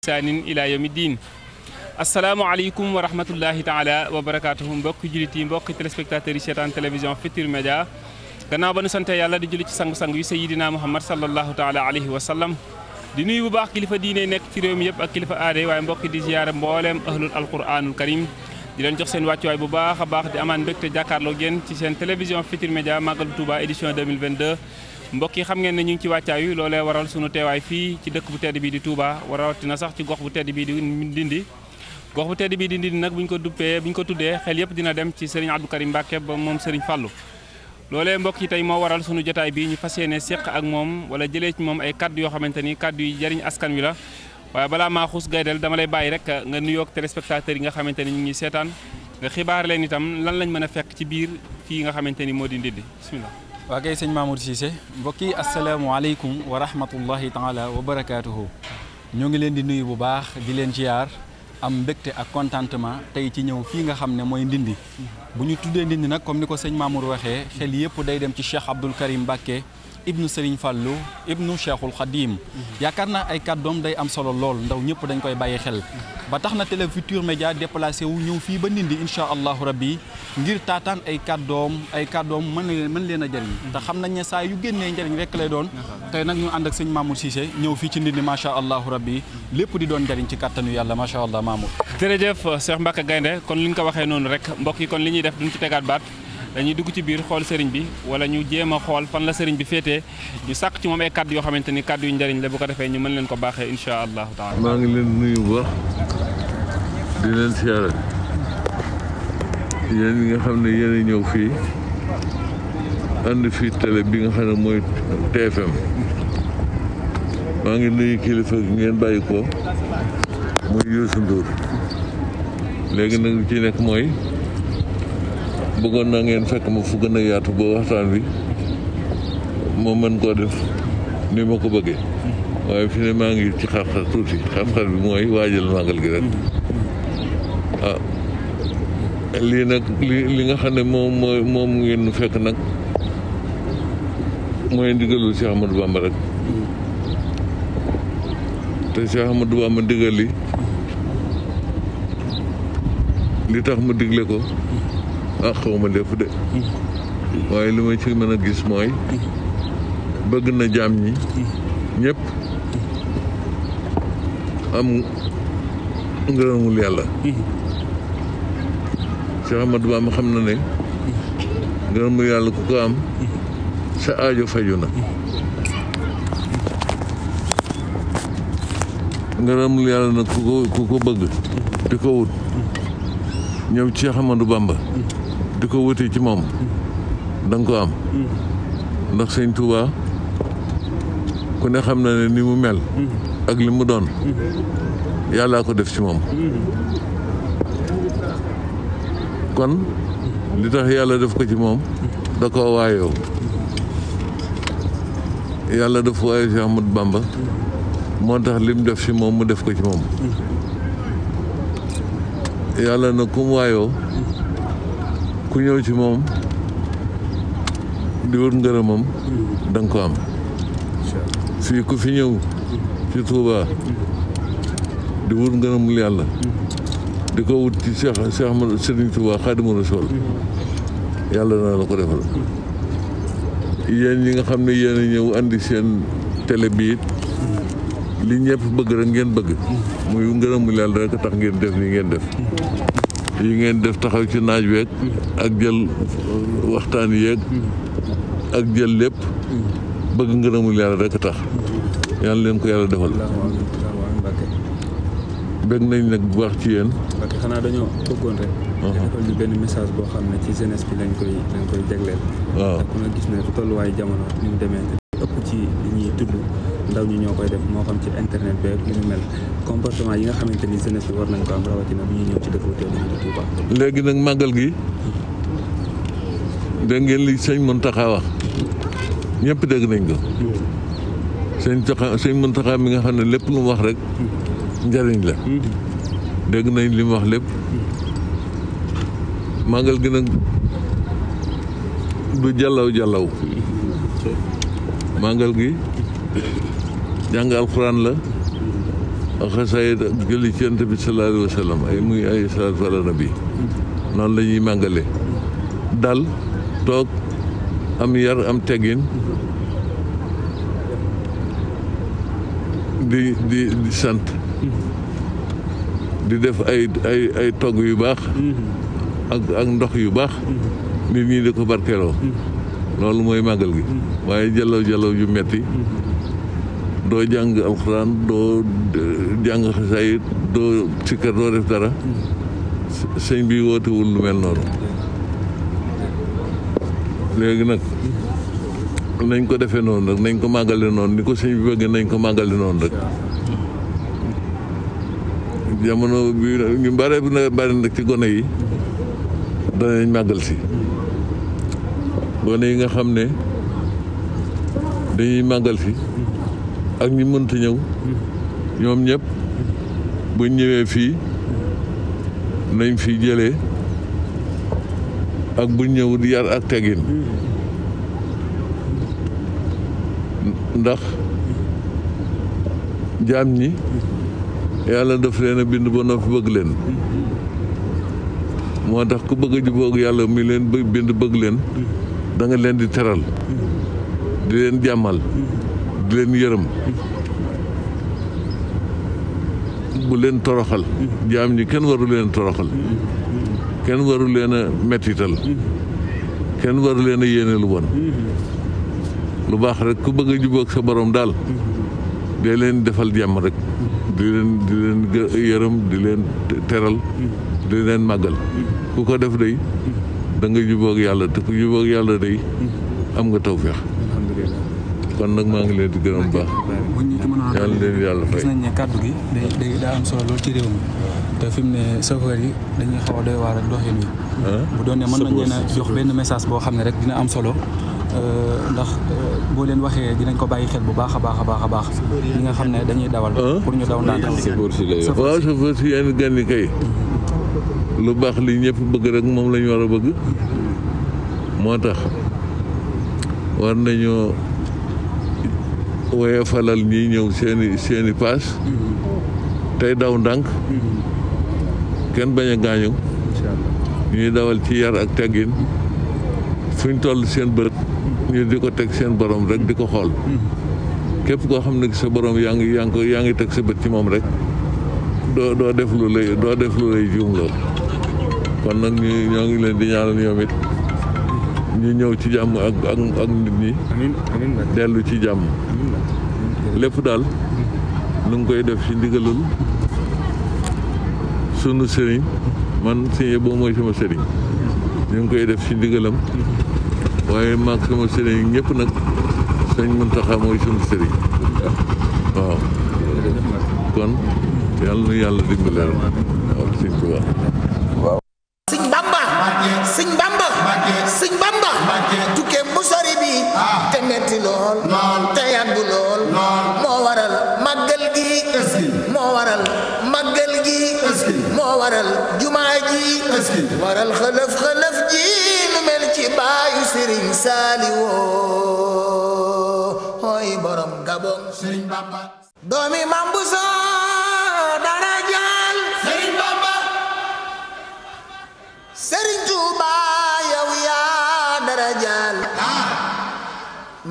saanin ilaa yawmi diin asalaamaaleykum wa rahmatullahi taala wa barakaatuhu mbokki jullit yi mbokki téléspectateurs yi seetaan télévision Futurs Médias gannaaw ba nu sante yàlla di julli ci sang-sang yu sayidina muhammad sallallahu taala alayhi wa sallam di nuyu bu baax kilifa diine nekk ci réew yëpp ak kilifa aade waaye mbokki di ziyaara mbooleem ahlul alquranul karim di leen jox seen wàccuwaay bu baax a baax di amaan mbégte jàkkaarloo génn ci seen télévision Futurs Médias màggalu Touba édition 2022 mbokk yi xam ngeen ne ñu ngi ci wàccaayu loolee waral sunu teewaay fii ci dëkk bu tedd bii di Touba warawatina sax ci gox bu tedd bii di Ndindi gox bu tedd bii di Ndindi nag bu ñu ko duppee bu ñu ko tuddee xel yëpp dina dem ci Serigne Abdou Karim Mbacke ba moom Serigne Fallou loolee mbokk yi tey moo waral sunu jotaay bi ñu fas yéene séq ak moom wala jëlee ci moom ay kàdd yoo xamante ni kaddu yi jariñ askan wi la waaye balaa maa xuus gaydel dama lay bàyyi rek nga nuyoog téléspectateurs yi nga xamante ni ñu ngi seetaan nga xibaar itam lan lañ mën a fekk ci biir fii nga xamante ni moo di Ndindi bismillah waa kay sëñ Mamour Cissé mbokk yi asalaamaaleykum wa rahmatullahi taala wa barakaatuhu ñoo ngi leen di nuyu bu baax di leen ziar am mbégte ak contentement tey ci ñëw fii nga xam ne mooy ndindi bu ñu tuddee ndindi nag comme ni ko sëñ Mamour waxee xel yëpp day dem ci Cheikh Abdoul Karim Mbacké ibnu Serigne Fallou ibnu Cheikhul Khadim yaakaar naa ay kàddoom day am solo lool ndaw ñëpp dañ koy bàyyi xel ba tax na Télé Futurs Médias déplacé ñëw fii ba Ndindi incha allahu rabbi ngir taataan ay doom ay kàddoom mën mën leen a jëriñ te xam nañ ne saa yu génnee njëriñ rek lay doon tey nag ñu ànd ak sëñ Mamour Cissé ñëw fii ci Ndindi macha allahu rabbi lépp di doon njëriñ ci kàttanu yàlla macha allah Mamour jërëjëf Cheikh Mbacke Gaynde kon li nga ko waxee noonu rek mbokk yi kon li ñuy def duñ tegaat baat dañuy dugg ci biir xool sëriñ bi wala ñu jéem a xool fan la sëriñ bi féetee ñu sàq ci moom ay kàddu yoo xamante ni kàddu yu njëriñ la bu ko defee ñu mën leen ko baaxee incha allahu taala. maa ngi leen nuyu bu baax di leen ñëw fii ànd bi nga xam ne mooy TFM maa ngi nuyu kilifa gi ngeen bàyyi ko muy Youssou Ndour léegi nag ci nekk mooy. bëggoon na ngeen fekk ma fu gën a yaatu ba waxtaan bi moo mën koo def ni ma ko bëggee waaye fi ne maa ngi ci xar-xar tuuti xar bi mooy waajal màggal gi rek ah lii nag li li nga xam ne moom mooy moom ngeen fekk nag mooy ndigalul Cheikh Ahmadou Bamba rek te Cheikh Ahmadou Bamba ndigal li li tax mu digle ko ah xaw ma def de waaye li ma ci mën a gis mooy bëgg na jaam ñi ñëpp am ngërëmul yàlla Cheikh Ahmadou Bamba xam na ne ngërëmul yàlla ku ko am sa aajo faju na ngërëmul yàlla nag ku ko bëgg di ko wut ñëw ci Cheikh Ahmadou di ko wute ci moom danga ko am ndax sëñ Touba ku ne xam na ne ni mu mel ak li mu doon yàllaa ko def ci moom kon li tax yàlla def ko ci moom da koo waayoo yàlla daf waayoo si Ahmadou Bamba moo tax lim def ci moom mu def ko ci moom yàlla na kum waayoo ku ñëw ci moom di wut ngërëmam mm-hmm. da nga ko am fii ku fi ñëw ci Touba di wër ngërëmul yàlla mm-hmm. di ko wut ci Cheikh Cheikh Ahmadou Serigne Touba Khadimou Rassoul mm-hmm. yàlla na la ko defal yéen ñi nga xam ne yéen a ñëw indi seen tele bi it li ñëpp bëgg rek ngeen bëgg muy ngërëmul yàlla rek tax ngeen def ni ngeen def yi ngeen def taxaw ci naaj weeg ak jël waxtaan yeeg ak jël lépp bëgg ngërëmul yàlla rek tax yan leen ko yàlla defal bëgg nañ nag bu baax ci yéen parce que xanaa dañoo bëggoon rek defal ñu benn message boo xam ne ci jeunesse bi lañ koy koy jagleel waaw ku nga gis ne tolluwaay jamono ni mu demee ëpp ci li tudd ndaw ñi ñoo koy def moo xam ci internet bi ak ñu mel yi nga xamante ni jeunesse bi war nañ ko am rawatina bu ñuy ñëw ci dëkk léegi nag màggal gi dégg ngeen li sëñ Mountakha wax ñëpp dégg nañ ko. sëñ Taxa sëñ Mountakha mi nga xam ne lépp lu wax rek njëriñ la. dégg nañ li mu wax lépp màggal gi nag du jàllaw jàllaw màggal gi. jàng alxuraan la ak xasaayid ak julli ci yonent bi sallallahu alayhi ay muy ay salaatu ala nabi noonu la ñuy dal toog am yar am teggin di di di sant di def ay ay toog yu baax ak ak ndox yu baax nit ñi di ko barkeeloo loolu mooy màggal gi waaye jàllaw jàllaw yu metti doo jàng alxuraan doo jàng doo sikkar doo def dara sëñ bi wootewul lu mel noonu léegi nag nañ ko defee noonu rek nañ ko màggale noonu ni ko sëñ bi bëggee nañ ko màggale noonu rek jamono bi ñu bare bi nag ci gone yi danañ màggal si gone yi nga xam ne dañuy màggal si ak ñi mënta ñëw ñoom ñëpp buñ ñëwee fii nañ fi jëlee ak bu ñëw di yar ak tegin ndax jaam ñi yàlla daf leen bind ba noppi bëgg leen moo tax ku bëgg a yàlla mi leen bind bëgg leen danga leen di teral di leen jàmmal di leen yërëm bu leen toroxal jaam ñi kenn waru leen toroxal kenn waru leen a mettital kenn waru leen a yéene lu lu baax rek ku bëgg a jubóog sa boroom daal day leen defal jàmm rek di leen di leen yërëm di leen teral di leen màggal ku ko def day da nga jubóog yàlla te ku jubóog yàlla day am nga tawféex kon nag maa ngi leen di gërëm baax yàlla leen yàlla fay gis nañ ne kàddu gi day day daa am solo lool ci réew mi te fi mu ne chauffeur yi dañuy xaw a doy waar ak doxin wi doon ne mën nañ leen a jox benn message boo xam ne rek dina am solo euh, ndax euh, boo leen waxee dinañ ko bàyyi xel bu baax a baax a baax a baax nga xam ne dañuy dawal pour ñu daw ndànk waaw chauffeur si yéen gan yi kay mhm. lu baax li ñëpp bëgg rek moom lañu war a bëgg moo tax war nañoo woye falal ñi ñëw seeni seeni paas mm-hmm. tey daw ndànk mm-hmm. kenn bañ a gaañu ñuy dawal ci yar ak teggin mm-hmm. fu ñu toll seen bërëb ñu di ko teg seen borom rek di ko xool képp koo xam ne sa borom yaa ngi yaa ngi yaa ngi teg sa bët ci moom rek doo doo def lu lay doo def lu lay juumloo kon nag ñu ñoo ngi leen di ñaanal ñoom ñu ñëw ci jàmm ak ak ak nit ñi. dellu ci jàmm. lépp daal lu ngi koy def ci ndigalul sunu sëriñ man sëriñ boobu mooy sama sëriñ ñu ngi koy def ci ndigalam waaye maag sama sëriñ ñëpp nag sëñ Muntaxa mooy sunu sëriñ waaw kon yàlla na yàlla dimbale waaw sëñ Tuubaa waaw te metti lool te yàgg lool moo waral màggal gi moo waral màggal gi moo waral jumaa ji waral xëlëf mel ci baayu sëriñ Saaliwoo mooy borom Gabon sëriñ Bamba doomi Mambuso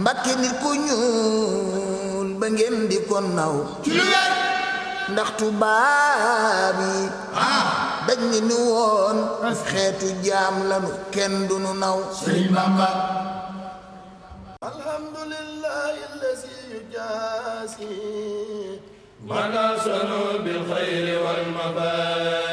mbakke nit ku ñuul ba ngeen di ko naw ci lu wér ndax tubaab yi ah. dañ ni nu woon xeetu jaam lanu kenn du nu naw sëriñ Bamba alhamdulillahi allazi yujaasi mana sanu bil xayri wal mabaad